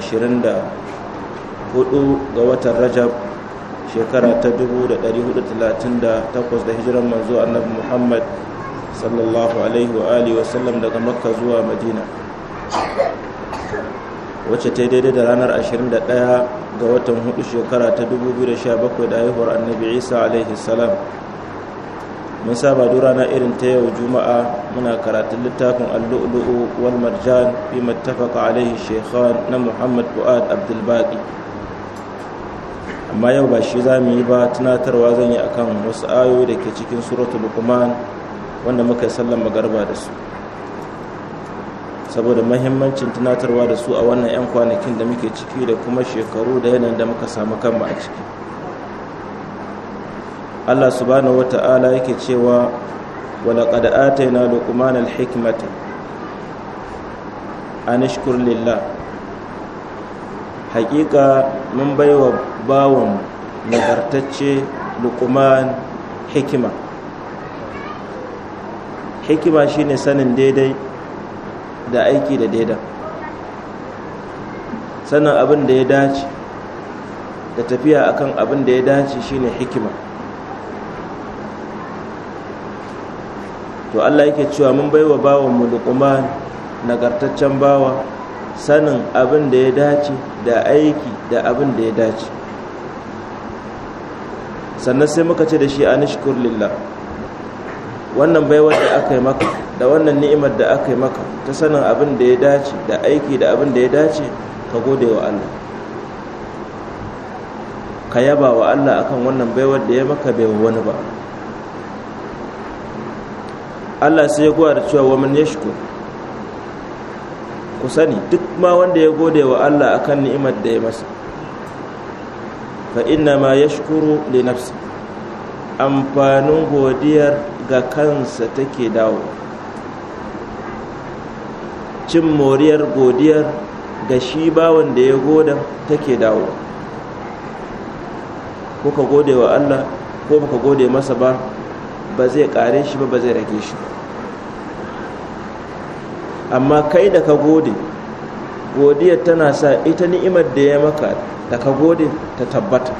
24 ga watan rajab shekara ta 438 da hijiran manzo annabi muhammad sallallahu alaihi wa alihi wa sallam daga makka zuwa madina wacce ta daidai da ranar 21 ga watan 4 shekara ta 2017 da haihuwar annabi isa alaihi salam mun saba duk rana irin ta yau juma'a muna karatun littafin allu'lu'u wal marjan bi mattafaqa alaihi shaykhan na muhammad fuad abdul baqi amma yau ba shi zamu yi ba tunatarwa zan yi akan wasu ayoyi da ke cikin suratul luqman wanda muka yi sallan magarba da su saboda mahimmancin tunatarwa da su a wannan 'yan kwanakin da muke ciki da kuma shekaru da yanayin da muka samu kanmu a ciki Allah subhanahu wata'ala yake cewa walaqad atayna na al-hikmata an shukur, lillah haƙiƙa mun baiwa bawon nagartacce luqman hikima hikima shine sanin daidai da aiki da daidai sanin abin da ya dace da tafiya akan abin da ya dace shine hikima to Allah yake cewa mun baiwa bawan mu luqman nagartaccen bawa sanin abin da ya dace da aiki da abin da ya dace sannan sai muka ce da shi anishkur lillah wannan baiwar da aka yi maka da wannan ni'imar da aka yi maka ta sanin abin da ya dace da aiki da abin da ya dace ka gode wa Allah ka yaba wa Allah akan wannan baiwar da ya maka bai wani ba Allah sai ya gwada cewa wa man yashkur ku sani duk ma wanda ya gode wa Allah akan ni'imar da ya masa fa inna ma yashkuru li nafsi amfanin godiyar ga kansa take dawo cin moriyar godiyar ga shi bawan da ya goda take dawo ko ka gode wa Allah ko baka gode masa ba ba zai kare shi ba ba zai rage shi amma kai da ka gode godiyar tana sa ita ni'imar da ya maka da ka gode ta tabbata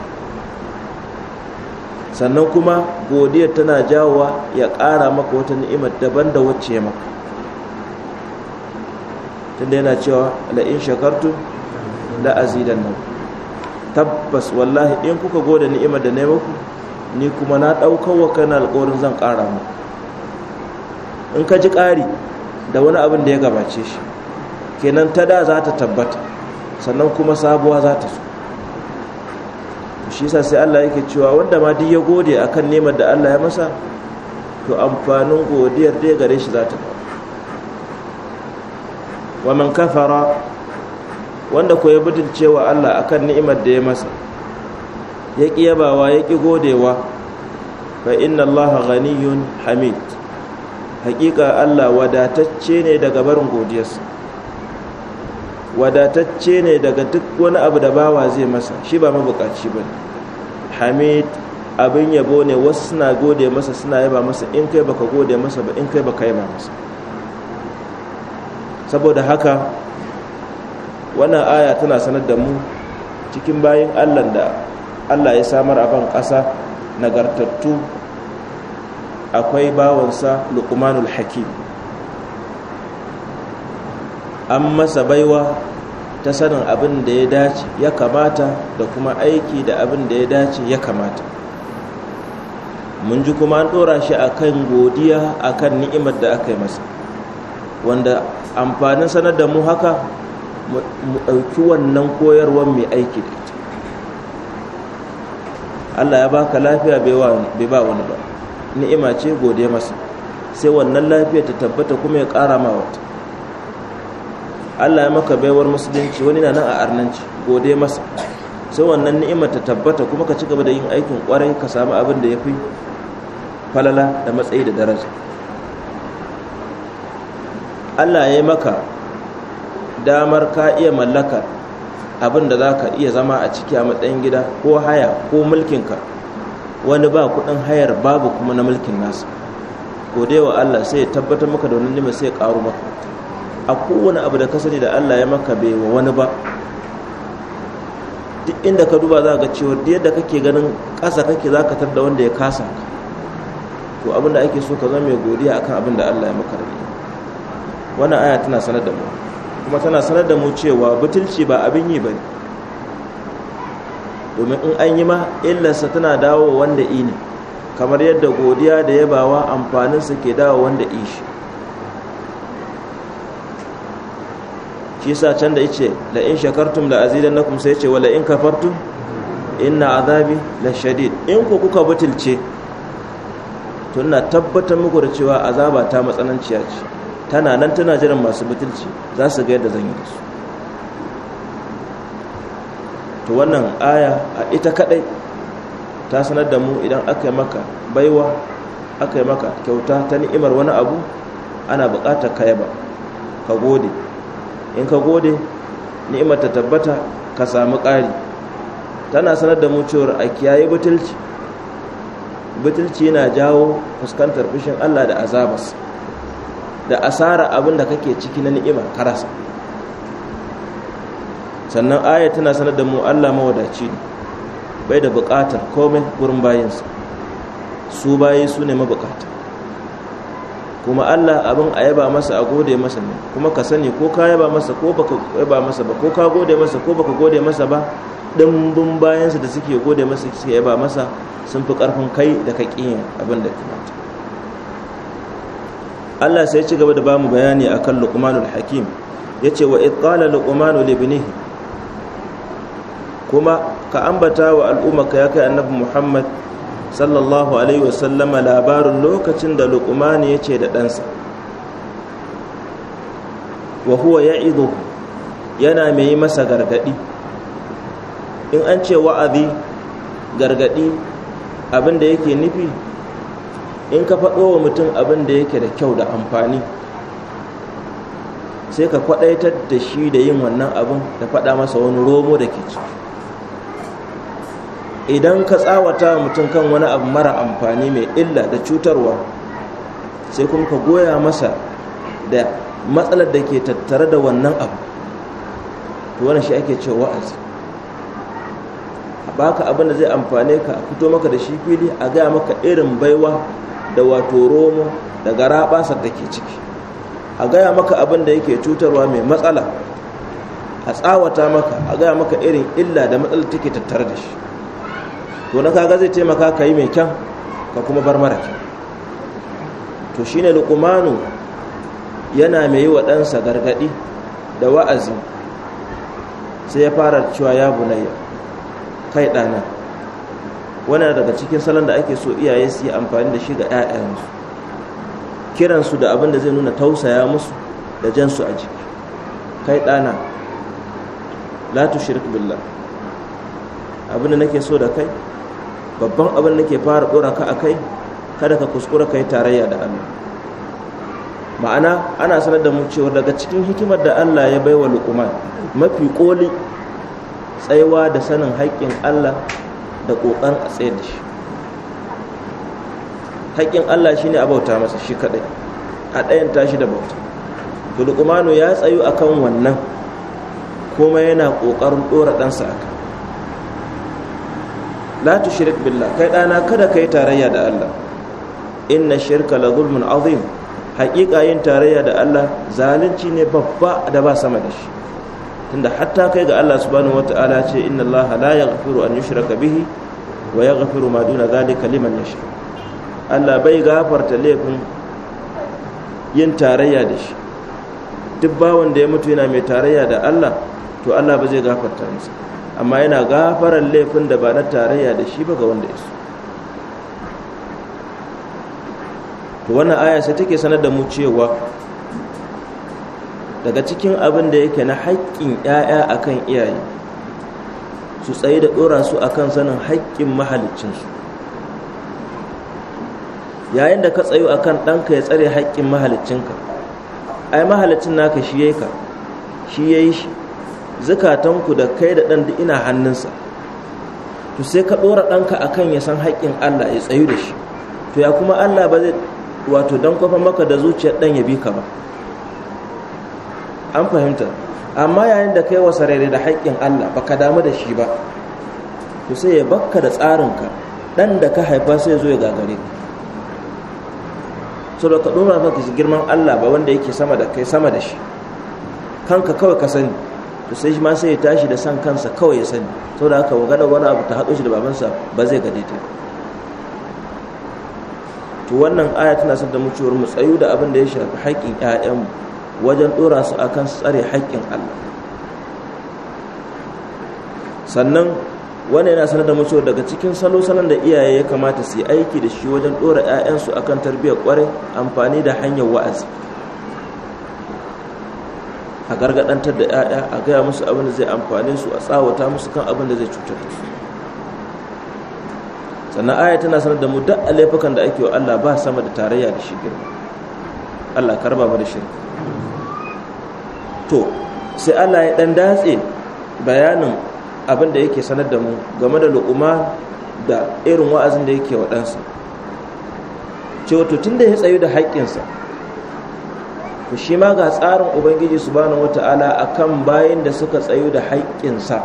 sannan kuma godiyar tana jawowa ya ƙara maka wata ni'imar daban da wacce ya maka tunda yana cewa la'in shakartu la'azidan nan tabbas wallahi in kuka gode ni'imar da na yi maku ni kuma na ɗaukar wa kai na alƙawarin zan ƙara mu in ka ji ƙari da wani abin da ya gabace shi kenan ta da za ta tabbata sannan kuma sabuwa za ta so shi sa sai Allah yake cewa wanda ma duk ya gode a kan neman da Allah ya masa to amfanin godiyar da gare shi za ta ba wa man kafara wanda ko ya butulce cewa Allah kan ni'imar da ya masa ya ƙi yabawa ya ƙi godewa fa inna Allah ghaniyun hamid hakika Allah wadatacce ne daga barin godiyarsa wadatacce ne daga duk wani abu da bawa zai masa shi ba mabukaci ba hamid abin yabo ne wasu suna gode masa suna yaba masa in kai baka gode masa ba in kai baka yaba masa saboda haka wannan aya tana sanar da mu cikin bayan allah da allah ya samar a ban ƙasa nagartattu akwai bawansa lukmanul hakim an masa baiwa ta sanin abin da ya dace ya kamata da kuma aiki da abin da ya dace ya kamata mun ji kuma an ɗora shi a kan godiya a kan ni'imar da aka yi masa wanda amfanin sanar da mu haka mu ɗauki wannan koyarwa mai aiki da Allah ya baka lafiya bai ba wani ba ni'ima ce gode masa sai wannan lafiya ta tabbata kuma ya ƙara ma wata Allah ya maka baiwar musulunci wani na nan a arnanci gode masa sai wannan ni'ima ta tabbata kuma ka ci gaba da yin aikin kwarai ka samu abin da ya fi falala da matsayi da daraja Allah ya yi maka damar ka iya mallaka abin da za ka iya zama a ciki a matsayin gida ko haya ko mulkinka wani ba kudin hayar babu kuma na mulkin nasa gode wa Allah sai ya tabbatar maka da wani nima sai ya karu maka a kowane abu da ka sani da Allah ya maka bai wa wani ba duk inda ka duba za ka cewa duk yadda kake ganin kasa kake za ka da wanda ya kasa to abin da ake so ka zama mai godiya akan abin da Allah ya maka rabi wannan aya tana sanar da mu kuma tana sanar da mu cewa butulci ba abin yi ba ne domin in an yi ma illarsa tana dawo wanda i ne kamar yadda godiya da yabawa amfaninsa ke dawo wanda i shi shi sa can da la'in la in shakartum na kuma sai yace wala in kafartum inna azabi la shadid in ku kuka butulce tun na tabbatar muku da cewa azaba ta matsananciya ce tana nan tana jiran masu butulci za su ga yadda zan yi da su to wannan aya a ita kadai ta sanar da mu idan aka yi maka baiwa aka yi maka kyauta ta ni'imar wani abu ana bukatar ka yaba ka gode in ka gode ni'imar ta tabbata ka samu ƙari tana sanar da mu cewar a kiyaye butulci butulci yana jawo fuskantar fushin Allah da azabas da asara abin da kake ciki na ni'ima karasa sannan aya tana sanar da mu Allah mawadaci ne bai da bukatar komai gurin bayansa su bayi su ne mabukata kuma Allah abin a yaba masa a gode masa ne kuma ka sani ko ka yaba masa ko baka yaba masa ba ko ka gode masa ko baka gode masa ba dimbin bayansa da suke gode masa suke yaba masa sun fi karfin kai da ka ƙi abin da kamata Allah sai ci gaba da ba mu bayani akan Luqmanul Hakim yace wa id qala Luqmanu li kuma ka ambata wa al'ummaka ya kai annabi Muhammad sallallahu alaihi labarin lokacin da Luqman yace da ɗansa wa huwa ya'iduhu yana mai yi masa gargadi in an ce wa'azi gargadi abinda yake nufi in ka faɗo wa mutum abin da yake da kyau da amfani sai ka kwaɗaitar da shi da yin wannan abin da faɗa masa wani romo da ke ciki idan ka tsawata wa mutum kan wani abu mara amfani mai illa da cutarwa sai kuma ka goya masa da matsalar da ke tattare da wannan abu to wani shi ake cewa wa'azi a baka abin da zai amfane ka a fito maka da shi fili a gaya maka irin baiwa da wato romo da garaɓasa da ke ciki a gaya maka abin da yake cutarwa mai matsala a tsawata maka a gaya maka irin illa da matsala take tattare da shi to na kaga zai taimaka ka yi mai kyan ka kuma bar mara kyan to shi ne lukumanu yana mai yi wa ɗansa gargaɗi da wa'azi sai ya fara cewa ya bunayya kai ɗana wani daga cikin salon da ake so iyaye su yi amfani da shi ga 'ya'yansu kiransu da abin da zai nuna tausaya musu da jansu a jiki kai ɗana la shirk billah abin da nake so da kai babban abin da nake fara ɗora ka a kai kada ka kuskura kai tarayya da Allah ma'ana ana sanar da mu cewa daga cikin hikimar da Allah ya baiwa luqman mafi koli tsayawa da sanin haƙƙin Allah da ƙoƙarin a tsayar da shi haƙƙin Allah shine a bauta masa shi kaɗai a ɗayan tashi da bauta to ya tsayu kan wannan kuma yana ƙoƙarin ɗora ɗansa a kan la tushrik billah kai ɗana kada ka yi tarayya da Allah inna shirka la zulmun azim haƙiƙa yin tarayya da Allah zalunci ne babba da ba sama da shi tunda hatta kai ga Allah subhanahu wata'ala ce inna Allah la yaghfiru an yushraka bihi wa yaghfiru ma duna zalika liman yasha Allah bai gafarta laifin yin tarayya da shi duk bawon da ya mutu yana mai tarayya da Allah to Allah ba zai gafarta masa amma yana gafaran laifin da ba na tarayya da shi ba ga wanda ya so to wannan aya sai take sanar da mu cewa daga cikin abin da yake na haƙƙin 'ya'ya akan iyaye su tsaye da ɗora su akan sanin haƙƙin mahalicinsu yayin da ka tsayo akan ɗanka ya tsare haƙƙin mahalicinka ai mahalicin naka shi yayi ka shi yi shi zukatanku da kai da ɗan ina hannunsa to sai ka ɗora ɗanka akan ya san haƙƙin Allah ya tsayu da shi to ya kuma Allah ba zai wato don kwafa maka da zuciyar ɗan ya bi ka ba an fahimta amma yayin da kai wasa rere da haƙƙin Allah baka damu da shi ba to sai ya bakka da tsarinka dan da ka haifa sai zo ya gagare ka so da ka dora ka shi girman Allah ba wanda yake sama da kai sama da shi kanka kawai ka sani to sai shi ma sai ya tashi da san kansa kawai ya sani da haka wagada wani abu ta haɗo shi da babansa ba zai gade ta to wannan aya tana son da mu cewar mu tsayu da abin da ya shafi haƙƙin 'ya'yanmu wajen dora su akan tsare haƙƙin Allah sannan wani yana sanar da mu daga cikin salo salon da iyaye ya kamata su yi aiki da shi wajen dora ƴaƴansu akan tarbiyyar kwarai amfani da hanyar wa'azi a gargadantar da ƴaƴa a gaya musu abin da zai amfane su a tsawata musu kan abin da zai cutar da su sannan aya tana sanar da mu duk alaifukan da ake wa Allah ba sama da tarayya da shi girma Allah karba ba da shirka to sai Allah ya dan datse bayanin abin da yake sanar da mu game da lu'uma da irin wa'azin da yake waɗansu. cewa to tunda ya tsayu da haƙƙinsa to shi ma ga tsarin ubangiji su subhanahu wata'ala akan bayan da suka tsayu da haƙƙinsa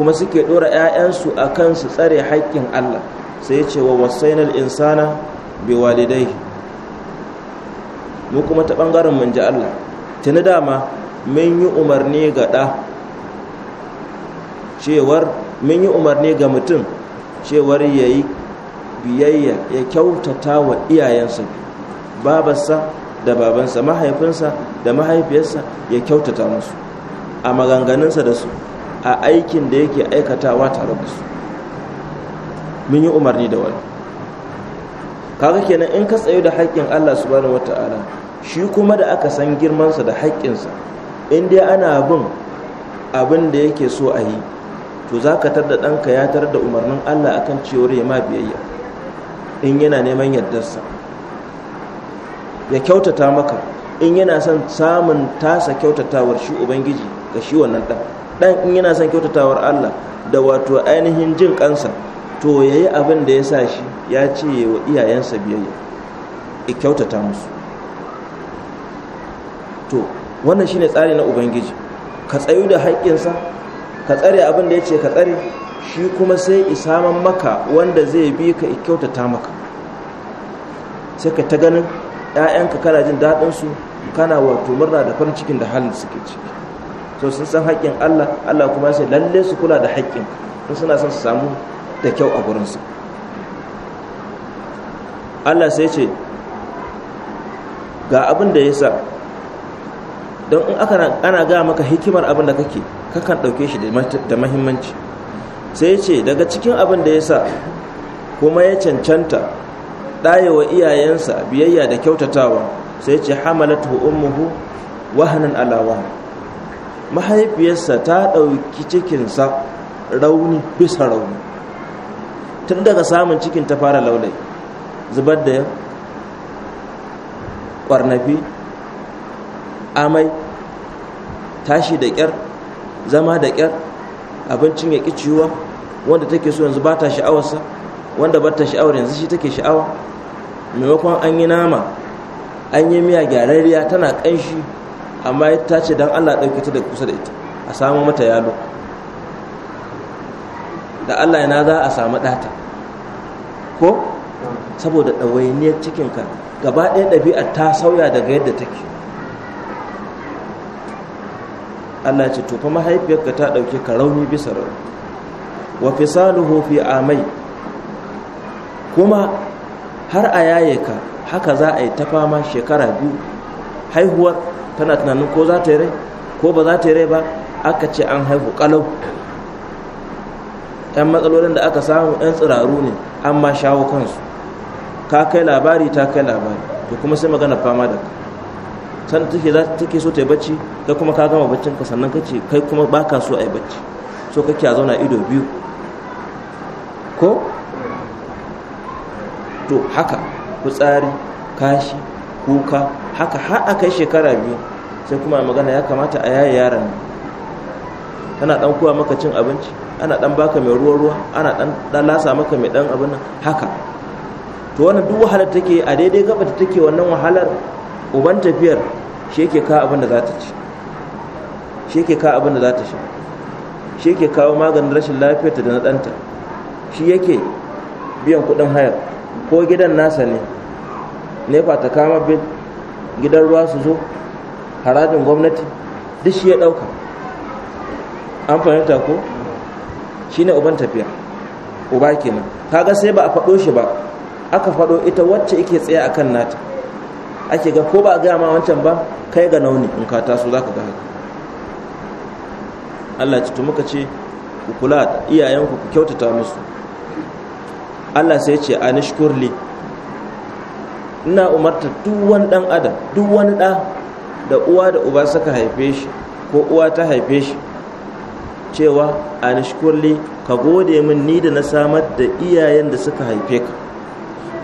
kuma suke ɗora 'ya'yansu a su tsare haƙƙin Allah sai ya ce wa wasainal insana bi walidai mu kuma ta ɓangaren mun ji Allah tuni dama min yi umarni ga ɗa cewar mun yi umarni ga mutum cewar ya yi biyayya ya kyautata wa iyayensa babarsa da babansa mahaifinsa da mahaifiyarsa ya kyautata musu a maganganunsa da su a aikin da yake aikatawa tare da su mun yi umarni da wani kaga kenan in ka tsayo da haƙƙin Allah subhanahu ta'ala shi kuma da aka san girmansa da haƙƙinsa in dai ana bin abin da yake so a yi to za ka tar da ɗanka ya tar da umarnin allah a kan cewar ya ma biyayya in yana neman yardarsa ya kyautata maka in yana son samun tasa kyautatawar shi ubangiji ga shi wannan ɗan ɗan in yana son kyautatawar allah da wato ainihin jin kansa to ya yi abin da ya sa shi ya ce wa iyayensa biyayya ya kyautata musu to wannan shine tsari na ubangiji ka tsayu da haƙƙinsa ka tsare abin da ya ce ka tsare shi kuma sai isaman maka wanda zai bi ka kyautata maka sai ka ta ganin 'ya'yanka kana jin daɗinsu kana wato murna da farin cikin da halin suke ciki so sun san haƙƙin Allah Allah kuma sai lalle su kula da haƙƙin in suna son su samu da kyau a gurinsu Allah sai ce ga abin da ya sa don in aka ana ga maka hikimar abin da kake kakan dauke shi da mahimmanci sai ya ce daga cikin abin da ya sa kuma ya cancanta ɗayewa iyayensa biyayya da kyautatawa sai ya ce hamalatu ummuhu wahanan alawa mahaifiyarsa ta ɗauki cikinsa rauni bisa rauni tun daga samun cikin ta fara laulai zubar da ƙwarnafi amai tashi da ƙyar zama da ƙyar abincin ya ƙiciwa wanda take so yanzu ba ta sha'awarsa wanda ba ta sha'awar yanzu shi take sha'awa maimakon an yi nama an yi miya gyararriya tana ƙanshi amma ta ce don allah ɗauke ta da kusa da ita a samu mata yalo da allah yana za a samu ɗata ko saboda ɗawainiyar cikinka gaba ɗaya ɗabi'a ta sauya daga yadda take Allah ce to mahaifiyarka ta dauke ka rauni bisa rauni wa fisaluhu fi amai kuma har a yaye ka haka za a yi ta fama shekara biyu haihuwar tana tunanin ko za ta yi rai ko ba za ta yi rai ba aka ce an haihu kalau yan matsalolin da aka samu yan tsiraru ne an ma shawo kansu ka kai labari ta kai labari to kuma sai magana fama da ka Sannan take za take so ta yi bacci kai kuma ka gama baccin ka sannan kace kai kuma baka so a yi bacci so kake a zauna ido biyu ko to haka fitsari kashi kuka haka har a kai shekara biyu sai kuma magana ya kamata a yaye yaran tana dan kuwa maka cin abinci ana dan baka mai ruwa ruwa ana dan lasa maka mai dan abin nan haka to wannan duk wahalar take a daidai gaba ta take wannan wahalar uban tafiyar shi yake kawo abin da za ta ci shi yake kawo abin da za ta sha shi yake kawo maganin rashin lafiyarta da na ɗanta shi yake biyan kuɗin hayar ko gidan nasa ne nefa ta kama bil gidan ruwa su zo harajin gwamnati duk shi ya ɗauka an fahimta ko shi ne uban tafiya uba kenan kaga sai ba a faɗo shi ba aka faɗo ita wacce yake tsaye a kan nata ake ga ko ba a gaya ma wancan ba kai ga nauni in ka taso za ka ga haka Allah ci muka ce ku kula da iyayenku ku kyautata musu Allah sai ce a nishkurli ina umarta duk dan adam duk wani da da uwa da uba suka haife shi ko uwa ta haife shi cewa a nishkurli ka gode min ni da na samar da iyayen da suka haife ka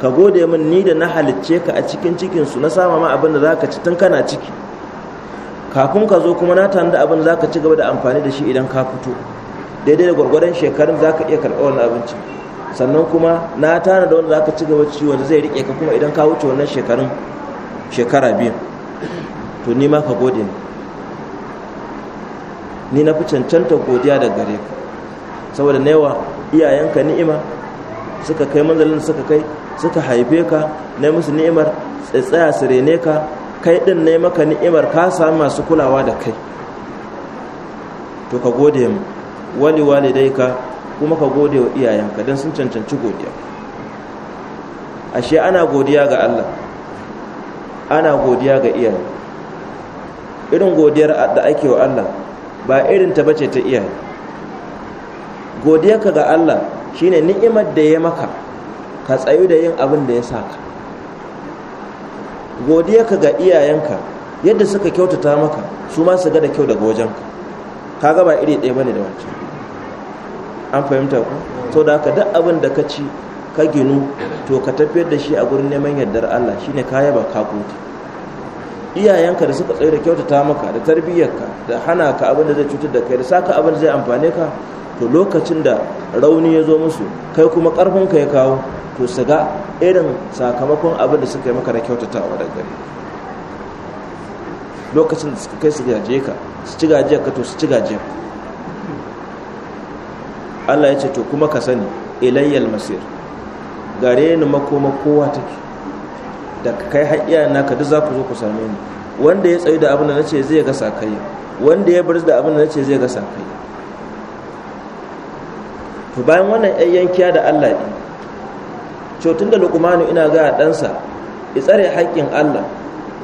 ka gode min ni da na halicce ka a cikin cikinsu na sama ma abin da za ka ci tun kana ciki kafin ka zo kuma na tanda abin da za ka ci gaba da amfani da shi idan ka fito daidai da gwargwadon shekarun za ka iya karɓar wannan abinci sannan kuma na tana da wanda za ka ci gaba ci wanda zai riƙe ka kuma idan ka wuce wannan shekarun shekara biyu to ni ma ka gode ni ni na fi cancanta godiya da gare ka saboda na yawa iyayenka ni'ima suka kai manzalin suka kai suka haife ka na musu ni'imar tsaya su rene ka kai din ne maka ni'imar ka sami masu kulawa da kai to ka gode mu wali ka, kuma ka gode wa iyayenka don sun cancanci godiya ashe ana godiya ga Allah ana godiya ga iyaye irin godiyar da ake wa Allah ba irin ta bace ta iyaye godiyarka ga Allah shine ni'imar da ya maka ka tsayu da yin abin da ya sa ka godiya ka ga iyayenka yadda suka kyautata maka su ma su ga da kyau daga wajenka ka ga iri ɗaya bane da wancan an fahimta ku sau da haka duk abin da ka ci ka ginu to ka tafiyar da shi a gurin neman yardar Allah shine kaya ba ka gode iyayenka da suka tsaye da kyautata maka da tarbiyyarka da hana ka abin da zai cutar da kai da saka abin da zai amfane ka to lokacin da rauni ya zo musu kai kuma karfin ya kawo to su ga irin sakamakon abin da suka yi maka na kyautatawa da gari lokacin da suka kai su gaje ka su ci gaje ka to su ci gaje ka Allah ya ce to kuma ka sani ilayyar masir gare ni makoma kowa take da kai haƙiya ka duk za ku zo ku same ni wanda ya tsayi da abin da nace zai ga sakai wanda ya bar da abin da nace zai ga sakai to bayan wannan yankiya da Allah ɗin cotun da lukumanu ina ga ɗansa ya tsare haƙƙin allah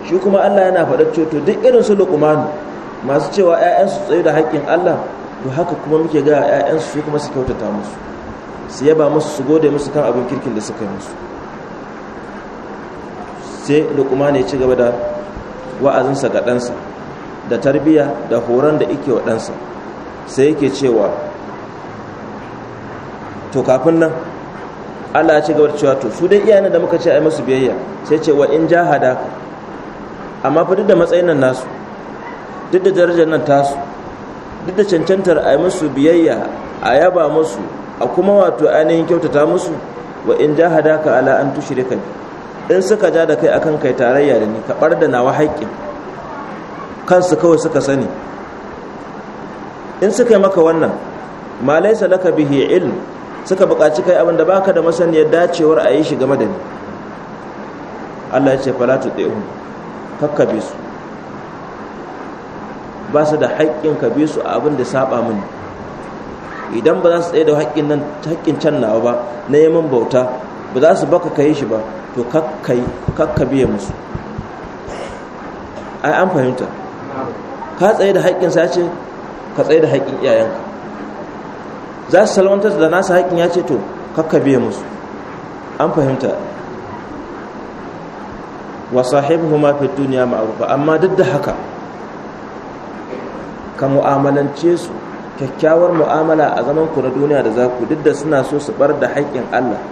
shi kuma allah yana faɗa coto duk irin su lukumanu masu cewa 'ya'yansu tsaye da haƙƙin allah to haka kuma muke ga 'ya'yansu shi kuma su kyautata musu su yaba musu su gode musu kan abin kirkin da suka yi musu sai lukumanu ya ci gaba da wa'azinsa ga ɗansa da tarbiyya da horon da ike wa ɗansa sai yake cewa to kafin nan Allah ya ci gaba da cewa to su dai iyayen da muka ce ai musu biyayya sai ce wa in ka amma fa duk da matsayin nan nasu duk da darajar nan tasu duk da cancantar ai musu biyayya a yaba musu a kuma wato ainihin kyautata musu wa in ka ala an tushrika in suka ja da kai akan kai tarayya da ni ka bar da nawa haƙƙin kansu kawai suka sani in suka yi maka wannan ma laysa laka bihi ilm suka buƙaci kai abinda baka da masaniyar dacewar a yi shi game da ni Allah ya ce fala tu ɗehun kakkabe su ba su da haƙƙin ka bi su a abin da saba mini idan ba za su tsaye da haƙƙin can nawa ba na yaman bauta ba za su baka kai shi ba to kakkai kakkabe musu ai an fahimta ka tsaye da haƙƙin sa ce ka tsaye da haƙƙin iyayenka za su salwantar da nasa haƙin ya ce to kakka biya musu an fahimta wa sahibuhuma fi duniya ma'arufa amma duk da haka ka mu'amalance su kyakkyawar mu'amala a zaman ku na duniya da za ku duk da suna so su bar da haƙƙin Allah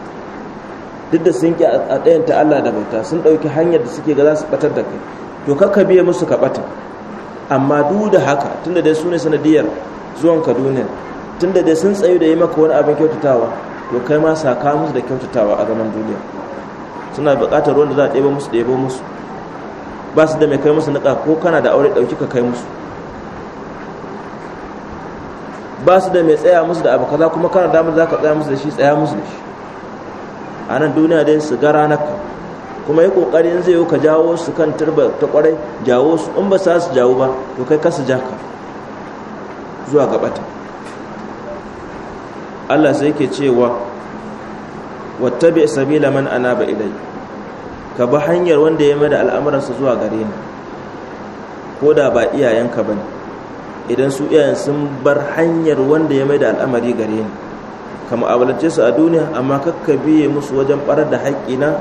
duk da sun ki a ɗayan ta Allah da bauta sun ɗauki hanyar da suke ga za su ɓatar da kai to kakka biye musu ka ɓata amma duk da haka tunda dai su ne sanadiyar zuwan ka duniya tunda da sun tsayu da yi maka wani abin kyautatawa to kai ma saka musu da kyautatawa a zaman duniya suna buƙatar wanda za a ɗebo musu ɗebo musu ba su da mai kai musu niƙa ko kana da aure ɗauki ka kai musu ba su da mai tsaya musu da abu kaza kuma kana damar za ka tsaya musu da shi tsaya musu da shi a nan duniya dai su gara ka kuma yi ƙoƙarin zai yi ka jawo su kan turba ta kwarai jawo su in ba sa su jawo ba to kai ka su ja ka zuwa gabata Allah sai ke cewa wattabi sabila man anaba ilai ka bi hanyar wanda ya mada al'amuransa zuwa gare ni ko da ba iyayenka ba ne idan su iyayen sun bar hanyar wanda ya mada al'amari gare ni ka mu'amalance su a duniya amma kakka biye musu wajen barar da haƙƙina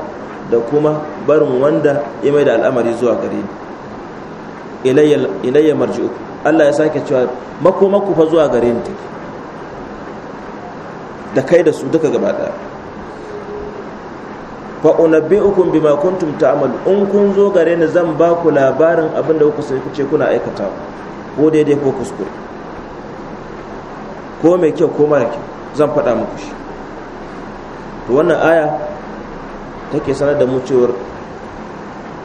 da kuma barin wanda ya da al'amari zuwa gare ni ilayya marji'u Allah ya sake cewa makomaku fa zuwa gare ni take da kai da su duka gaba ɗaya fa unabbi'ukum bima kuntum ta'malu in kun zo gare ni zan ba ku labarin abin da kuka sai kuce kuna aikata ko daidai ko kuskure ko mai kyau ko mara kyau zan faɗa muku shi to wannan aya take sanar da mu cewar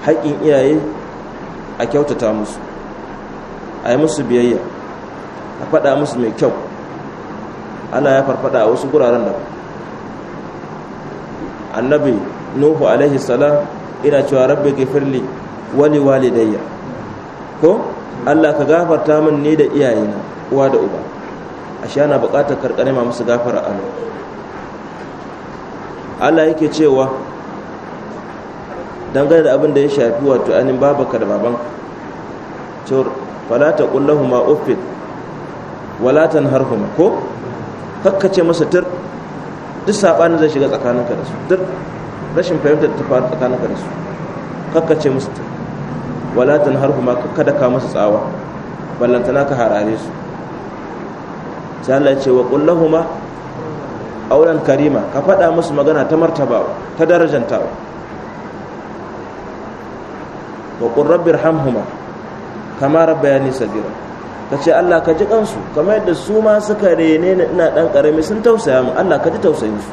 haƙƙin iyaye a kyautata musu a yi musu biyayya a faɗa musu mai kyau ana ya farfada a wasu guraren da annabi nuhu alaihi salam ina cewa rabbi gifirli wali walidayya ko Allah ka gafarta min ne da iyayena uwa da uba ashe ana buƙatar karkare ma musu gafara Allah Allah yake cewa dangane da abin da ya shafi wato anin babaka da babanka cewar fala ta ma uffin wala tanharhuma ko kakkace masa tur duk sabani zai shiga tsakaninka da su tur rashin fahimtar ta faru tsakaninka da su kakkace musu tur wala kuma kada ka masa tsawa ballantana ka harare su sai Allah ya ce wa kullahuma auran auren karima ka faɗa musu magana ta martabawa ta darajantawa wa qur rabbirhamhuma kama rabbayani sagira ka ce Allah ka ji kansu kamar yadda su ma suka rene ni ina dan karami sun tausaya mu Allah ka ji tausayin su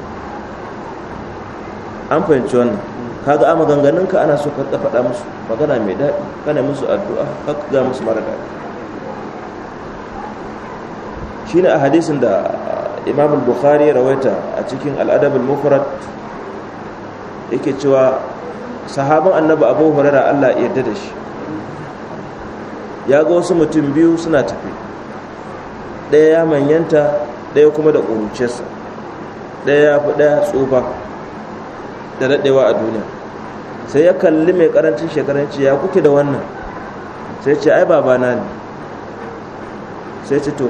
an fahimci wannan kaga amma ganganin ka ana so ka faɗa musu magana mai daɗi kana musu addu'a ka ga musu mara daɗi shine a hadisin da Imam Bukhari rawaita a cikin Al-Adab al-Mufrad yake cewa sahaban Annabi Abu Hurairah Allah ya yarda da shi ya ga wasu mutum biyu suna tafi ɗaya ya manyanta ɗaya kuma da ƙuruciyarsa ɗaya ya fi ɗaya tsufa da daɗewa a duniya sai ya kalli mai ƙarancin shekaranci ya kuke da wannan sai ce ai babana ne sai ce to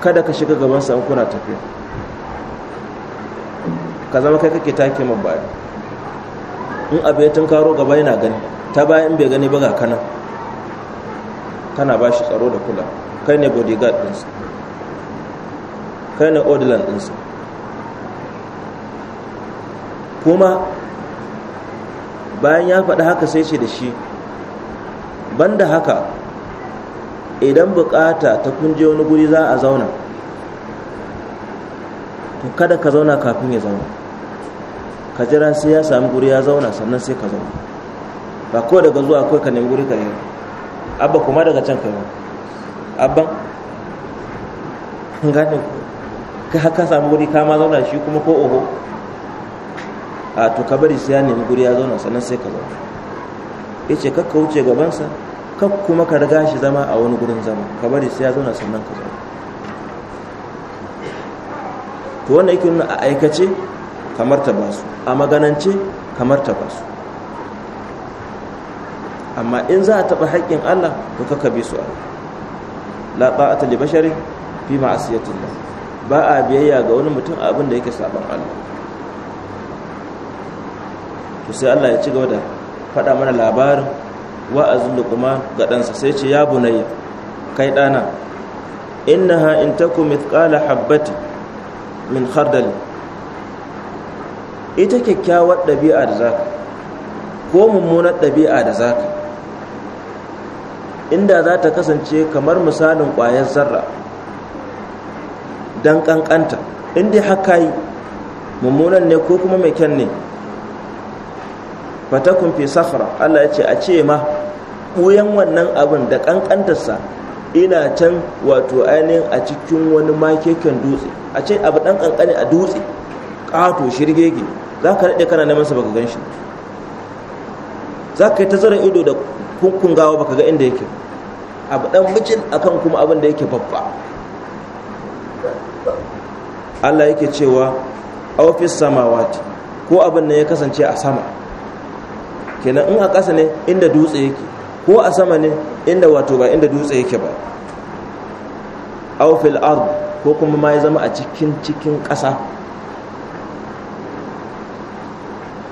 kada ka shiga gabansa in kuna tafiya ka zama kai kake take mabaya in abin ya tunkaro gaba yana gani ta bayan bai gani ba ga kanan kana ba shi tsaro da kula kai ne bodyguard ɗinsa kai ne odilan ɗinsa kuma bayan ya faɗi haka sai ce da shi banda haka idan bukata ta kunje wani guri za a zauna to kada ka zauna kafin ya zauna ka jira sai ya sami guri ya zauna sannan sai ka zauna ba kawai daga zuwa kawai ka nemi guri ka nemi abba kuma daga can kai abban gane ka haka samu wuri kama zauna shi kuma ko oho a to ka bari sai ya nemi guri ya zauna sannan sai ka zauna ya ce kakka wuce gabansa kak kuma ka riga shi zama a wani gurin zama ka bari sai ya zauna sannan ka zauna to wannan yake nuna a aikace kamar ta basu a maganance kamar ta basu amma in za a taɓa haƙƙin Allah to kaka bi su a la ta'ata li basharin fi ba a biyayya ga wani mutum abin da yake saban Allah to sai Allah ya ci gaba da faɗa mana labarin wa'azin kuma ga ɗansa sai ce ya bunayya kai ɗana innaha in takum mithqala habbati min khardal ita kyakkyawar ɗabi'a da zaka ko mummunar ɗabi'a da zaka inda za ta kasance kamar misalin ƙwayar zarra don ƙanƙanta inda haka yi mummunan ne ko kuma mai kyan ne fatakun fi safara allah ya ce a ce ma ɓoyan wannan abin da ƙanƙantarsa ina can wato ainihin a cikin wani makeken dutse a ce abu ɗan ƙanƙani a dutse ƙato shirgege za ka daɗe kana neman sa baka gan shi za ka yi ta zaren ido da kunkungawa baka ga inda yake abu dan a akan kuma abin da yake babba Allah yake cewa ofis samawati ko abin nan ya kasance a sama kenan in a ƙasa ne inda dutse yake ko a sama ne inda wato ba inda dutse yake ba aufil ard ko kuma ma ya zama a cikin cikin ƙasa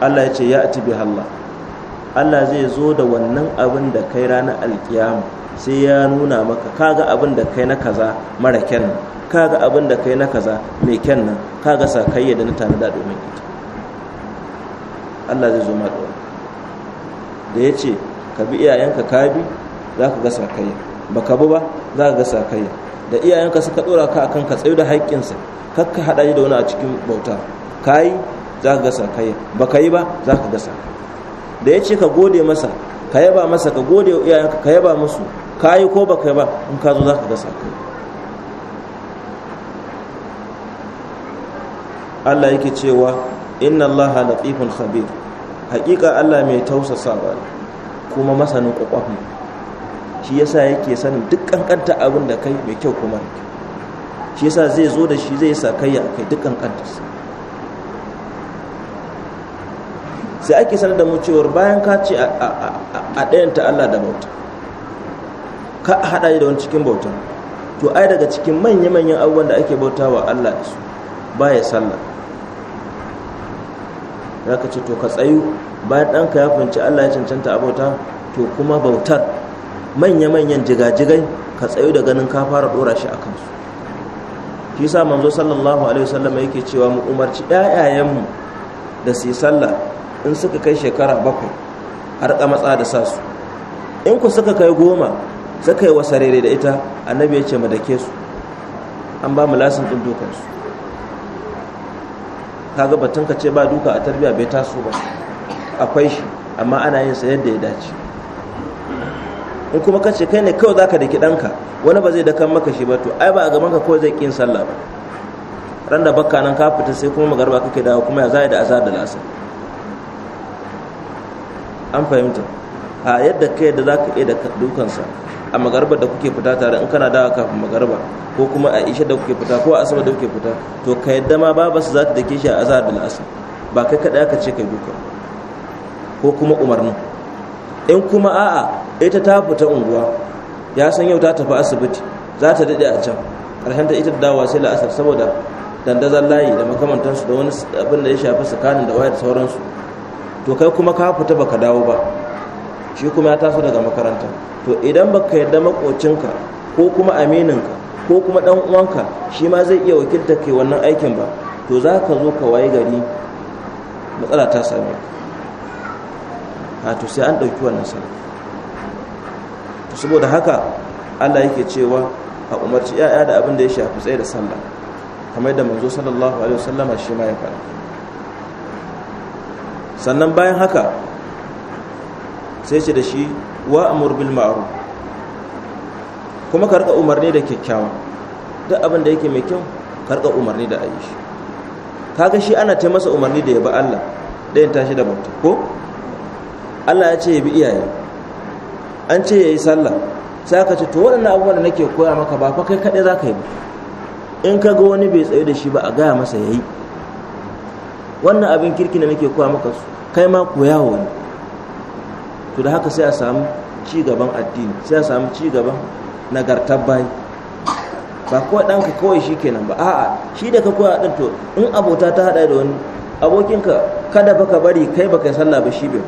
Allah ya ce ya ati bi Allah Allah zai zo da wannan abin da kai ranar alkiyama sai ya nuna maka kaga abin da kai na kaza mara kyan kaga abin da kai na kaza mai kyan nan kaga sakayya da na da domin ita Allah zai zo ma da da ya ce ka bi iyayenka ka bi za ka ga sakayya ba ka bi ba za ka ga sakayya da iyayenka suka dora ka akan ka tsayo da haƙƙinsa kar ka haɗa da wani a cikin bauta ka yi za ka ga sakayya ba ka yi ba za ka ga sakayya da ya ce ka gode masa ka yaba masa ka gode wa iyayenka ka yaba musu ka yi ko baka ba in ka zo za ka gasa kai Allah yake cewa inna Allah latifun khabir hakika Allah mai tausasawa kuma masanin kwakwafi ne shi yasa yake sanin duk kankanta abin da kai mai kyau kuma shi yasa zai zo da shi zai sa kai ya kai duk kankantarsa sai ake sanar da mu cewar bayan ka ce a ɗayan ta Allah da bauta ka haɗa da wani cikin bauta to ai daga cikin manya-manyan abubuwan da ake bauta wa Allah da su baya sallah ka ce to ka tsayu bayan ɗanka ya fahimci Allah ya cancanta a bauta to kuma bautar manya-manyan jigajigai ka tsayu da ganin ka fara ɗora shi a kansu shi sa manzo sallallahu alaihi wasallam yake cewa mu umarci 'ya'yayenmu da su yi sallah in suka kai shekara bakwai har rika matsa da sasu in ku suka kai goma suka yi wasa da ita annabi ya ce madake su an ba mu lasin ɗin dukansu kaga batun ka ce ba duka a tarbiya bai taso ba akwai shi amma ana yin sa yadda ya dace in kuma ka ce kai ne kawai zaka da kiɗanka wani ba zai da maka shi ba to ai ba a gaban ka kawai zai ƙin sallah ba ran da bakka nan ka fita sai kuma magarba kake dawo kuma ya za da azar da lasa an fahimta a yadda kai da zaka iya da dukansa a magarba da kuke fita tare in kana dawa kafin magarba ko kuma a isha da kuke fita ko a asabar da kuke fita to ka yadda ma babu su zata dake shi a azhar da asr ba kai kada aka ce kai duka ko kuma umarnin in kuma a'a ita ta fita unguwa ya san yau ta tafi asibiti za ta dade a can ƙarshen ta ita da dawa sai la'asar saboda dandazon layi da makamantansu da wani abin da ya shafi tsakanin da waya da sauransu to kai kuma ka fita baka dawo ba shi kuma ya taso daga makaranta to idan baka yarda makocinka ko kuma amininka ko kuma dan uwanka shi ma zai iya wakilta kai wannan aikin ba to za ka zo ka waye gari matsala ta same ka to sai an ɗauki wannan sana saboda haka allah yake cewa a umarci 'ya'ya da abin da ya shafi tsaye da sallah kamar da manzo sallallahu alaihi wasallama shi ma ya faɗa sannan bayan haka sai ce da shi wa amur bil ma'ruf kuma ka umarni da kyakkyawa duk abin da yake mai kyau ka umarni da ayi kaga shi ana ta masa umarni da ba Allah da yin tashi da bauta ko Allah ya ce ya bi iyaye an ce ya yi sallah sai ka ce to waɗannan abubuwan da nake koya maka ba fa kai kaɗai za ka yi ba in ka ga wani bai tsaye da shi ba a gaya masa ya yi wannan abin kirki da nake koya maka su kai ma koya wani to da haka sai a samu ci gaban addini sai a samu ci gaban nagartar bayi ba kowa ɗanka kawai shi kenan ba a'a shi da ka koya ɗin to in abota ta haɗa da wani abokinka kada ka bari kai bakai sallah ba shi bai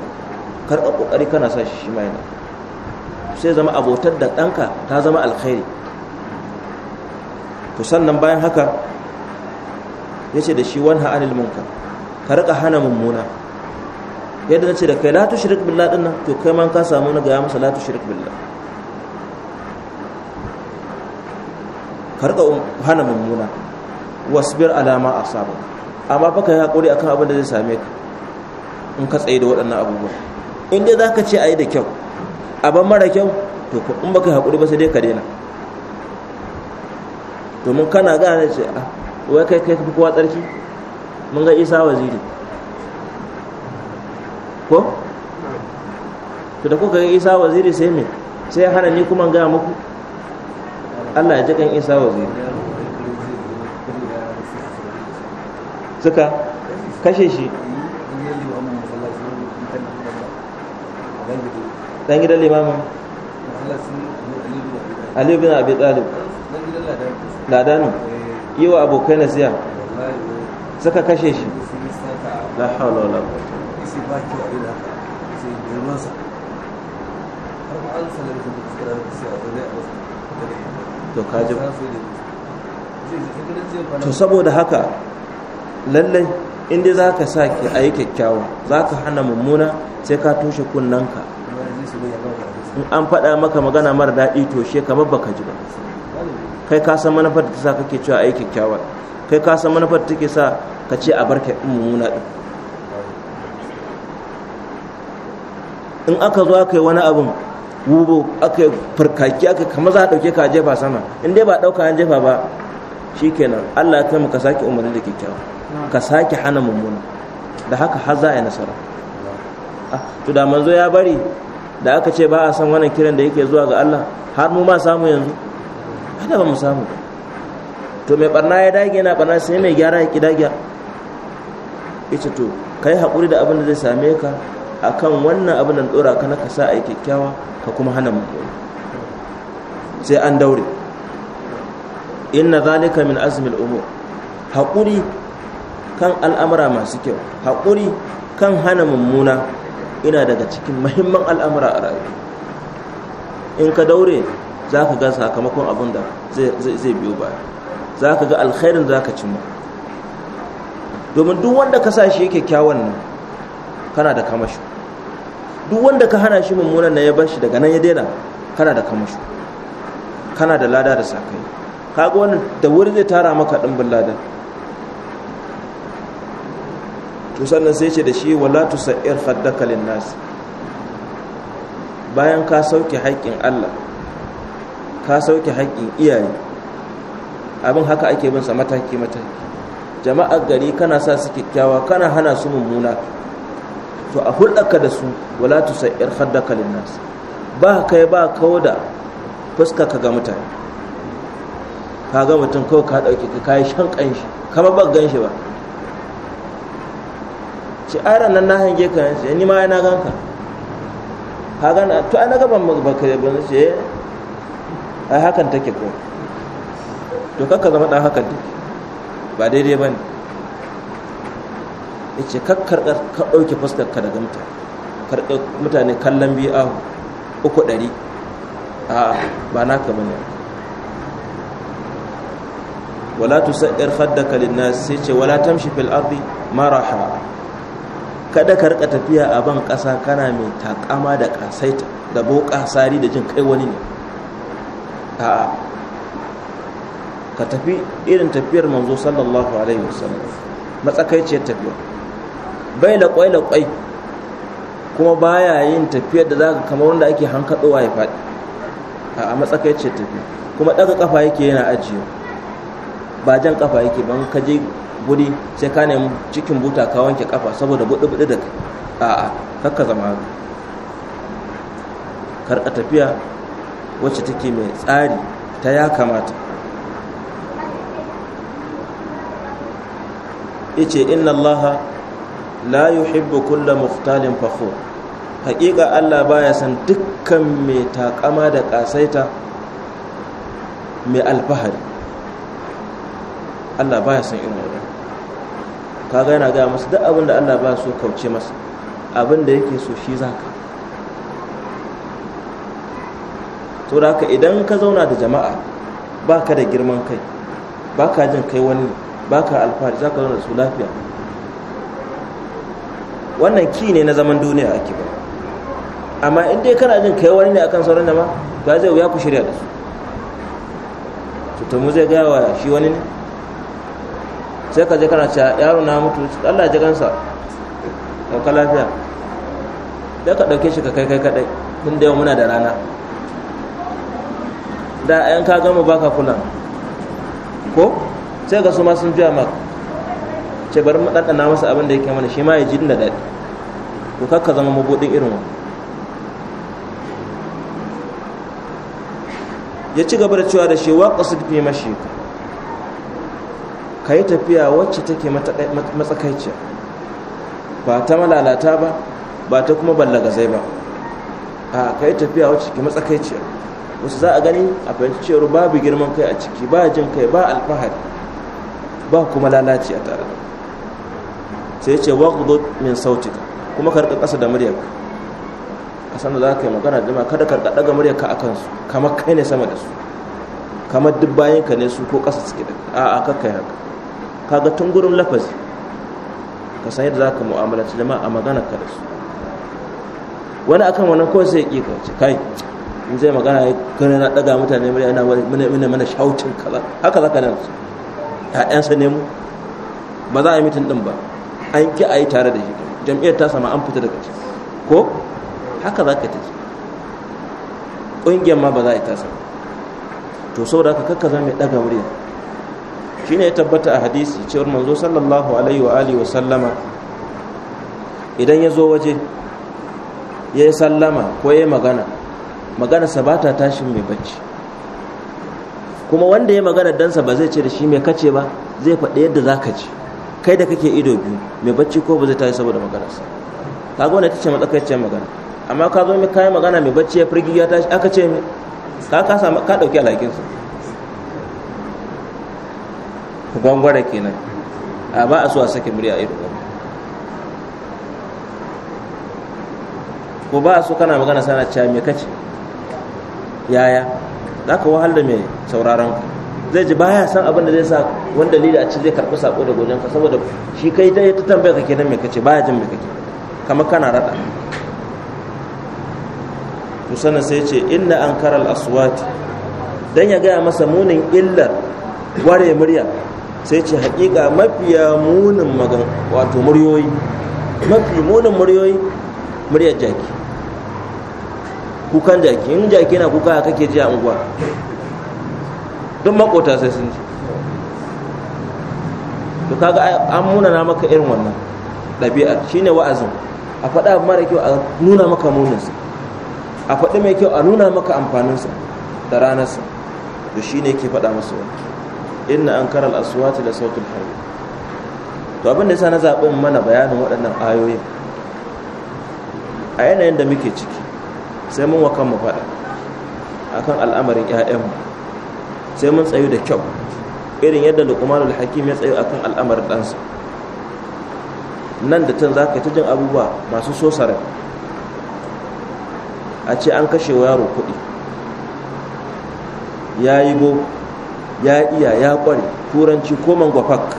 karɓar ƙoƙari kana sa shi shi sai zama abotar da ɗanka ta zama alkhairi to sannan bayan haka yace ce da shi wani ha'anil munkar ka rika hana mummuna yadda na ce da kai latu tushrik billa din nan to kai ma ka samu na gaya masa latu tushrik billa ka rika um, hana mummuna wasbir alama a sabu amma fa yi hakuri akan abin da zai same ka in ka tsaye da waɗannan abubuwa in dai zaka ce ayi da kyau abin mara kyau to in baka yi hakuri ba sai dai ka daina domin kana gane ce a ah, wai kai kai fi kowa tsarki mun ga isa waziri ko to da kuka ga isa waziri sai me sai ya hana ni kuma ga muku Allah ya ji kan isa waziri suka kashe shi dan gidan limamin aliyu bin Abi Talib ladanu yi wa abokai nasiya suka kashe shi la hawla to saboda haka lallai inda za ka sa ki a yi kyakkyawa za hana mummuna sai ka toshe kunnanka in an faɗa maka magana mara daɗi toshe kamar baka ji ba kai ka san manufar da ta sa kake cewa a yi kyakkyawa kai ka san manufar take sa ka ce a barka in mummuna din in aka zo aka yi wani abin wubo aka yi farkaki aka kama za a ɗauke ka jefa sama in dai ba ɗauka an jefa ba shikenan Allah ya kai mu ka sake umarni da kyakkyawa ka sake hana mummuna da haka har za a yi nasara ah, to da manzo ya bari da aka ce ba a san wannan kiran da yake zuwa ga Allah har mu ma samu yanzu hada ba mu samu to mai barna ya dage yana barna sai mai gyara ya ki dage ita to kai haƙuri da abin da zai same ka akan wannan abin da dora ka na ka sa ai kyakkyawa ka kuma hana mummuni sai an daure inna zalika min azmil umur haƙuri kan al'amura masu kyau haƙuri kan hana mummuna ina daga cikin mahimman al'amura a rayuwa in ka daure za ka ga sakamakon abin da zai biyo baya za ka ga alkhairin za ka cimma domin duk wanda ka sa shi yake kyawun nan kana da kamashi duk wanda ka hana shi mummunan na ya bar shi daga nan ya daina kana da kamashi kana da lada da sakai kaga wannan da wuri zai tara maka dimbin ladan to sannan sai ce da shi wala tusair khaddaka linnas bayan ka sauke haƙƙin Allah ka sauke haƙƙin iyaye abin haka ake bin sa mataki mataki jama'ar gari kana sa su kyakkyawa kana hana su mummuna to a hulɗaka da su wala tusayyir haddaka linnas ba kai ba kawo da fuska ka ga mutane ka ga mutum kawai ka ɗauki ka kayi shan ƙanshi kama ba gan shi ba ci ara nan na hange ka yanzu ni ma na gan ka ka gana to ai na gaban ba ka ban ce ai hakan take ko to kakka zama dan haka ba daidai ba ne ya ce kakkar ka ɗauke fuskarka daga mutane mutane kallon biyu ahu uku ɗari a ba na kama bane wala fadda kalin linnas sai ce wala tamshi fil ardi maraha kada ka rika tafiya a ban ƙasa kana mai takama da kasaita da boka sari da jin kai wani ne a ka tafi irin tafiyar manzo sallallahu alaihi wasallam matsakaiciyar tafiya bai la kwai kuma baya yin tafiyar da zaka kamar wanda ake hankadowa ya faɗi a matsakaiciyar tafiya kuma ɗaga ƙafa yake yana ajiyo ba jan ƙafa yake ban ka je guri sai ka nemi cikin buta ka wanke ƙafa saboda buɗe-buɗe da a'a kakka zama karka tafiya wacce take mai tsari ta ya kamata yace inna Allah la yuhibbu kulla muftalin fakhur hakika Allah baya san dukkan me takama da kasaita me alfahari Allah baya san irin wannan kaga yana ga musu duk abin da Allah ba so kauce masa abin da yake so shi zaka to da haka idan ka zauna da jama'a baka da girman kai baka jin kai wani baka alfahari za ka zauna da su lafiya wannan ki ne na zaman duniya ake ba amma in dai kana jin kai wani ne akan sauran da ba zai wuya ku shirya da su to zai gaya wa shi wani ne sai ka je kana cewa yaro na mutu Allah ya ji gansa lafiya da ka ɗauke shi ka kai kai kaɗai tun da yau muna da rana da ayan ka gama baka kula ko sai ga su ma sun jiya mak ce bari mu ɗanɗana masa abin da yake mana shi ma ya ji da daɗi to kakka zama mabuɗin irin wa. ya ci gaba da cewa da shi waƙa su fi mashi ka yi tafiya wacce take matsakaiciya ba ta malalata ba ba ta kuma ballagazai ba a ka yi tafiya wacce ke matsakaiciya wasu za a gani a fahimci cewar babu girman kai a ciki ba jin kai ba alfahari ba kuma lalaci a tare sai ya ce waqdud min sautika kuma ka rika ƙasa da muryarka kasan da za ka yi magana da kada ka rika daga muryarka a kansu kamar kai ne sama da su kamar duk bayan ka ne su ko ƙasa suke da a a kakkai haka kaga tun gurin lafazi ka san yadda za ka mu'amalaci jama'a a magana ka da su wani akan wannan ko sai ya ka ce kai in zai magana ya gani na daga mutane murya yana mana shautin kaza haka zaka nan su ƴaƴansa ne mu ba za a yi mitin din ba an ki a yi tare da shi jam'iyyar ta sama an fita daga ciki ko haka za ka ta ji ƙungiyar ma ba za a yi tasa to saboda haka kakka za mai ɗaga murya shi ne ya tabbata a hadisi cewar manzo sallallahu alaihi wa alihi wa sallama idan ya zo waje ya yi sallama ko ya yi magana maganarsa ba ta tashin mai bacci kuma wanda ya magana dansa ba zai ce da shi mai kace ba zai faɗi yadda za ka ji. kai da kake ido biyu mai bacci ko ba zai tashi saboda maganarsa Ka wannan ita ce matsakaiciyar magana amma ka zo mai kayan magana mai bacci ya firgi ya tashi aka ce mai ka ka samu ka dauki alhakinsa gwangwara kenan a ba a so a sake murya a ido ko ba a so kana magana sana cewa mai kace yaya za ka wahal da mai sauraron ka zai ji baya san abin da zai sa wani dalili a ci zai karɓi sako da gojen ka saboda shi kai ta ta tambaya ka kenan mai kace baya jin mai kake kamar kana rada to sai ce inna karar aswati dan ya gaya masa munin illar ware murya sai ce haƙiƙa mafiya munin magan wato muryoyi mafi munin muryoyi muryar jaki kukan jaki in jaki na kuka kake ji a unguwa duk makota sai sun ji to kaga an munana maka irin wannan ɗabi'ar shine wa'azin a faɗa mara kyau a nuna maka muninsa a faɗi mai kyau a nuna maka amfaninsa da ranarsa to shine ke faɗa masa wani inna an karal aswati da sautin harbi to abin da yasa na zaɓin mana bayanin waɗannan ayoyin a yanayin da muke ciki sai mun wa kanmu faɗa akan al'amarin 'ya'yanmu sai mun tsayu da kyau irin yadda lukmanul hakim ya tsayu akan al'amarin ɗansa nan da tun zaka ka ta jin abubuwa masu so a ce an kashe wa yaro kuɗi ya yi ya iya ya ƙware turanci ko mangwafak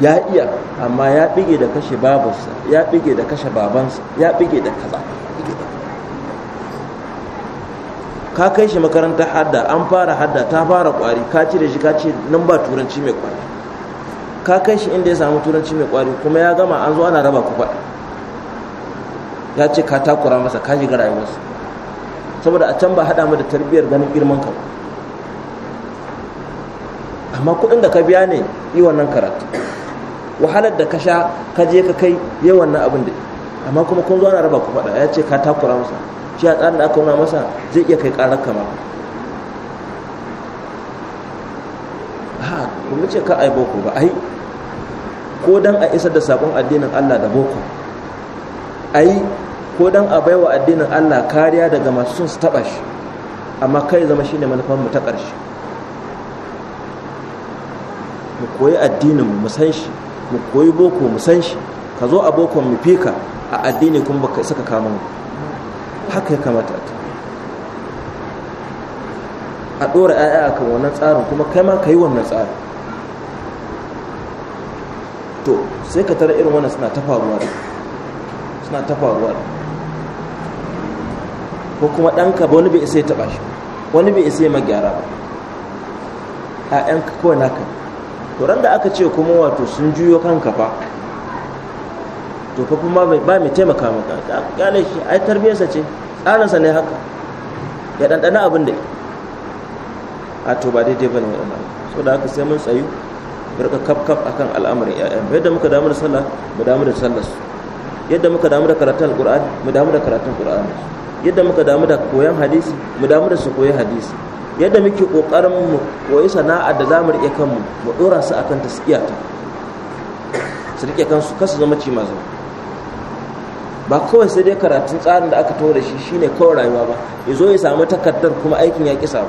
ya iya amma ya bige da kashe babarsa ya bige da kashe babansa ya bige da kaza ka kai shi makaranta hadda an fara hadda ta fara kwari ka cire shi ka ce nan ba turanci mai kwari ka kai shi inda ya samu turanci mai kwari kuma ya gama an zo ana raba ku faɗi ya ce ka takura masa ka shiga rayuwarsa saboda a can ba haɗa mu da tarbiyyar ganin girman ka amma kuɗin da ka biya ne yi wannan karatu wahalar da ka sha ka je ka kai yawan na abin da amma kuma kun zo ana raba ku faɗa ya ce ka takura masa shi a tsarin da aka nuna masa zai iya kai ƙarar kama ha kuma ce ka ai boko ba ai ko dan a isar da sabon addinin Allah da boko ai ko dan a baiwa addinin Allah kariya daga masu sun su taba shi amma kai zama shine manufar mu ta ƙarshe mu koyi addinin mu san shi mu koyi boko mu san shi ka zo a boko mu fika a addini kuma baka saka kama mu haka ya kamata a ɗora 'ya'ya a kan wannan tsarin kuma kai ma ka yi wannan tsarin to sai ka tara irin wannan suna tafawa ruwa suna tafa ko kuma ɗanka ba wani bai isa ya taɓa shi wani bai isa ya magyara ba 'ya'yanka kawai naka to ran da aka ce kuma wato sun juyo kanka fa to fa kuma ba mai taimaka maka ta shi ai tarbiyarsa ce tsarinsa ne haka ya ɗanɗana abin da a to ba daidai ba ne waɗannan so da haka sai mun tsayu kaf kaf akan al'amarin ƴaƴan yadda muka damu da sallah mu damu da sallar yadda muka damu da karatun alqur'ani mu damu da karatun alqur'ani yadda muka damu da koyan hadisi mu damu da su koyi hadisi yadda muke kokarin mu koyi sana'a da zamu rike kanmu mu dora su akan ta ta su rike kansu kasu zama ci mazo ba kawai sai dai karatun tsarin da aka tawo da shi shine kawai rayuwa ba ya zo ya samu takardar kuma aikin ya ƙi samu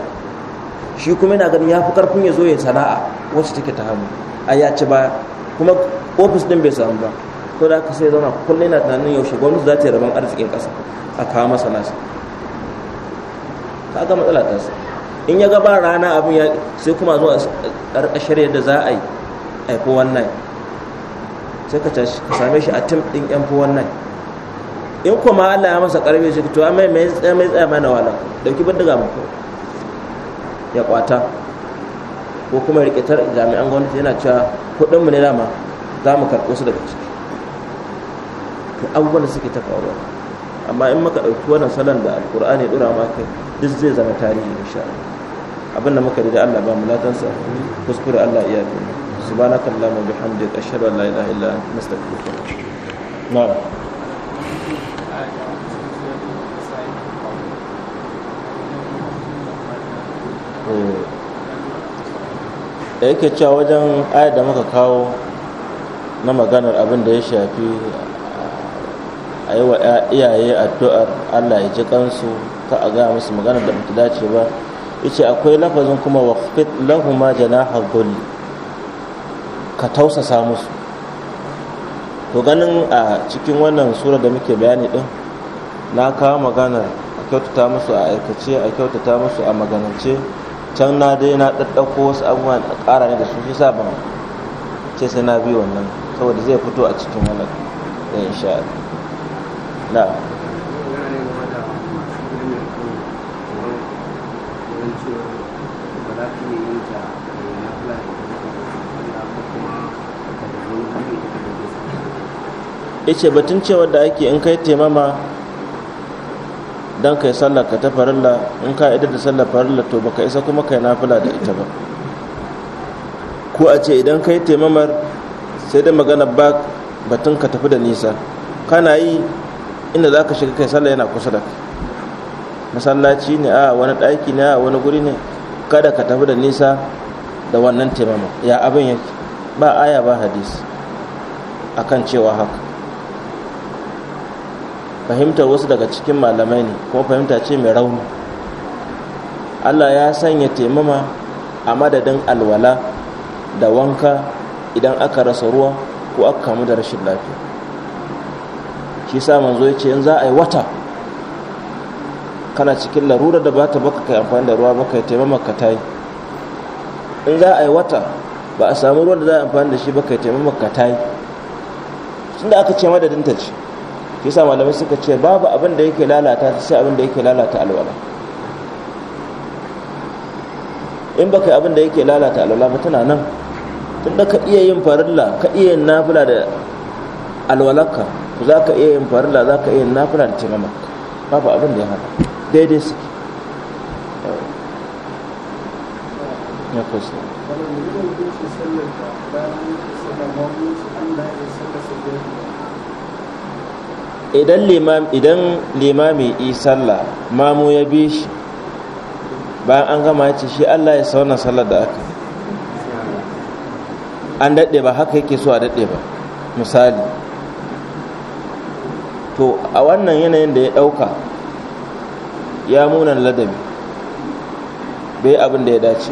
shi kuma yana ganin ya fi karfin ya zo ya sana'a wacce take ta hannu a ya ci ba kuma ofis din bai samu ba ko da aka sai zama kullum yana tunanin yaushe gwamnati za ta yi rabon arzikin ƙasa a kawo masa nasa ka ga matsala ta sai in ya gaba rana abin ya sai kuma zuwa a shirya da za a yi aiko wannan sai ka same shi a tim ɗin yan fi wannan in kuma allah ya masa karfe shi to amma mai tsaya mai tsaya mana wala dauki bindiga mako ya kwata ko kuma rikitar jami'an gwamnati yana cewa kuɗin mu ne dama za mu karɓo su daga ciki to abubuwan da suke ta faruwa amma in muka ɗauki wannan salon da alkur'ani ya ɗora maka duk zai zama tarihi insha Allah abin da muka da Allah ba mu latansa kuskure Allah iya fi subhanakallahumma bihamdika ashhadu an la ilaha illa anta astaghfiruka wa atubu ilaik eh. da yake cewa wajen ayar da muka kawo na maganar abin da ya shafi a yi wa iyaye addu'ar allah ya ji kansu ta a gaya musu maganar da mutu dace ba yace akwai lafazin kuma waqfit lahuma janaha dhulli ka tausasa musu to ganin a cikin wannan sura da muke bayani din na kawo maganar a kyautata musu a aikace a kyautata musu a maganance can na dai na ɗaɗɗauko wasu abubuwa da ƙara ne da su shi sa ban ce sai na bi wannan saboda zai fito a cikin wannan da insha Allah na ce batun cewa da ake in kai taimama dan kai sallar ka ta farilla in ka idar da sallar farilla to baka isa kuma kai nafila da ita ba ko a ce idan kai taimamar sai da magana ba batun ka tafi da nisa kana yi inda za ka shiga kai sallah yana kusa da masallaci ne a wani ɗaki ne a wani guri ne kada ka tafi da nisa da wannan taimama ya abin yake ba aya ba hadisi akan cewa haka fahimtar wasu daga cikin malamai ne kuma fahimta ce mai rauni allah ya sanya taimama a madadin alwala da wanka idan aka rasa ruwa ko aka kamu da rashin lafiya shi sa manzo ya ce in za a yi wata kana cikin larura da ba ta baka kai amfani da ruwa baka taimama ka tayi in za a yi wata ba a samu ruwan da za a amfani da shi baka taimama ka tayi da aka ce madadin ta ce yasa malamai suka ce babu abin da yake lalata ta sai abin da yake lalata alwala in baka abin da yake lalata alwala ba tana nan tun da ka iya yin farilla ka iya yin nafila da alwalarka za ka iya yin farilla za ka iya yin nafila da cinama babu abin da ya hada daidai suke ya kusa sallar da idan limami yi sallah mamu ya bi shi bayan an gama ce shi allah ya sauna wannan da aka an daɗe ba haka yake so a daɗe ba misali to a wannan yanayin da ya ɗauka ya munan ladabi bai abin da ya dace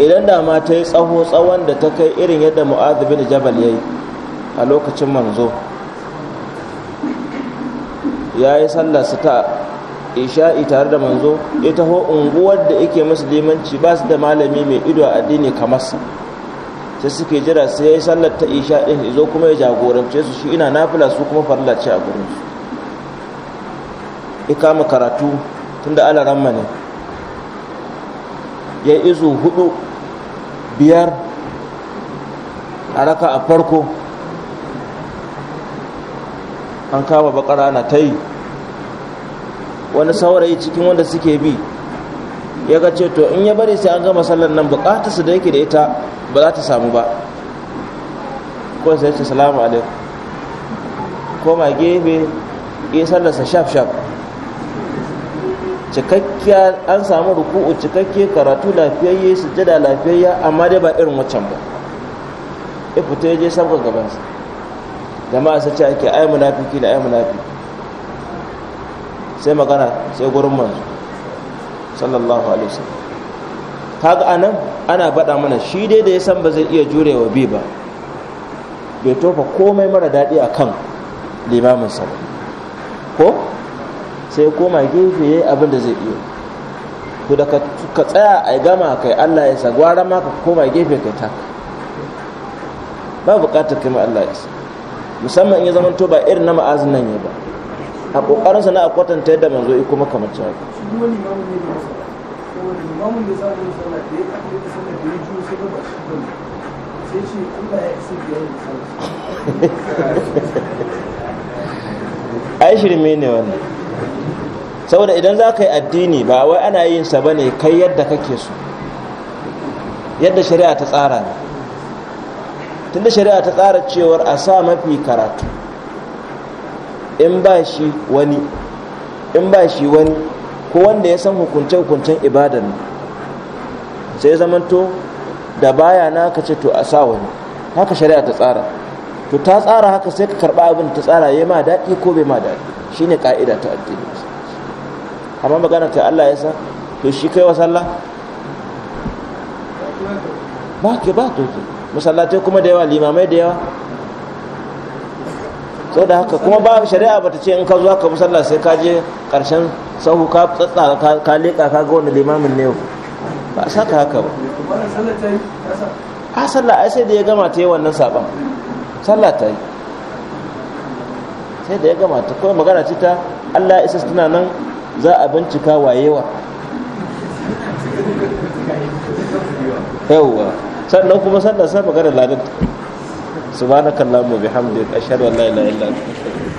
idan da ma ta yi tsaho tsawon da ta kai irin yadda mu'adu bin jabal ya yi a lokacin manzo ya yi sallar su ta isha'i tare da manzo ya taho unguwar da ike masu limanci ba su da malami mai ido a addini kamar sa sai suke jira sai ya yi sallar ta isha'i ɗin zo kuma ya jagorance su shi ina nafila su kuma farla ce a gurin su ya kama karatu tun da ala ramma ne ya izu hudu biyar a raka a farko an kama bakara na ta yi wani saurayi cikin wanda suke bi ya ga ce to in ya bari sai an gama sallar nan bukatarsa da yake da ita ba za ta samu ba ko sai ce salamu alaikum koma gefe ya sallarsa shaf shaf cikakkiya an samu ruku'u cikakke karatu lafiyayye sujjada lafiyayya amma dai ba irin waccan ba ya fita ya je sabon gabansa jama'a sai ce ake ai munafiki da ai munafiki sai magana sai gurin manzo sallallahu alaihi wasallam kaga anan ana faɗa mana shi dai da ya san ba zai iya jurewa bi ba bai tofa komai mara daɗi a kan limamin sa ko sai koma gefe yayi abin da zai iya to da ka tsaya a gama kai Allah ya sa gwara ma ka koma gefe kai taka ba buƙatar kai ma Allah ya sa musamman in ya zama to ba irin na ma'azin nan ya ba a kokarinsa na a kwatanta yadda manzo iko makamacin haka ai shirme ne wannan saboda idan za ka yi addini ba wai ana yin sa bane kai yadda kake so yadda shari'a ta tsara ne tunda shari'a ta tsara cewar a sa mafi karatu in ba shi wani in ba shi wani ko wanda ya san hukunce-hukuncen ibadan sai zamanto da baya na ka ce to a sa wani haka shari'a ta tsara to ta tsara haka sai ka karɓa abin ta tsara ya ma daɗi ko bai ma daɗi shi ne ka'ida ta addini amma magana ta Allah ya san to shi kai wa sallah ba ke ba to masallatai kuma da yawa limamai da yawa sau da haka kuma ba shari'a bata ce in ka zuwa ka musalla sai ka je karshen sahu ka tsatsa ka leƙa ka ga wani limamin ne ba saka haka ba a sallah ai sai da ya gama ta yi wannan saban sallah ta yi sai da ya gama ta kuma magana ce ta Allah isa tana nan za a bincika wayewa yawwa sannan kuma sannan sa magana ladanta subhanakallahumma bihamdika ashhadu an la ilaha illa anta